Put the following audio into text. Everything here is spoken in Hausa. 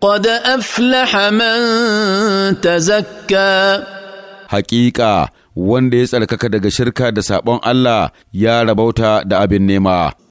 قد أفلح من تزكى حقيقة wanda ya tsarkaka daga shirka da saɓon Allah ya rabauta da abin nema.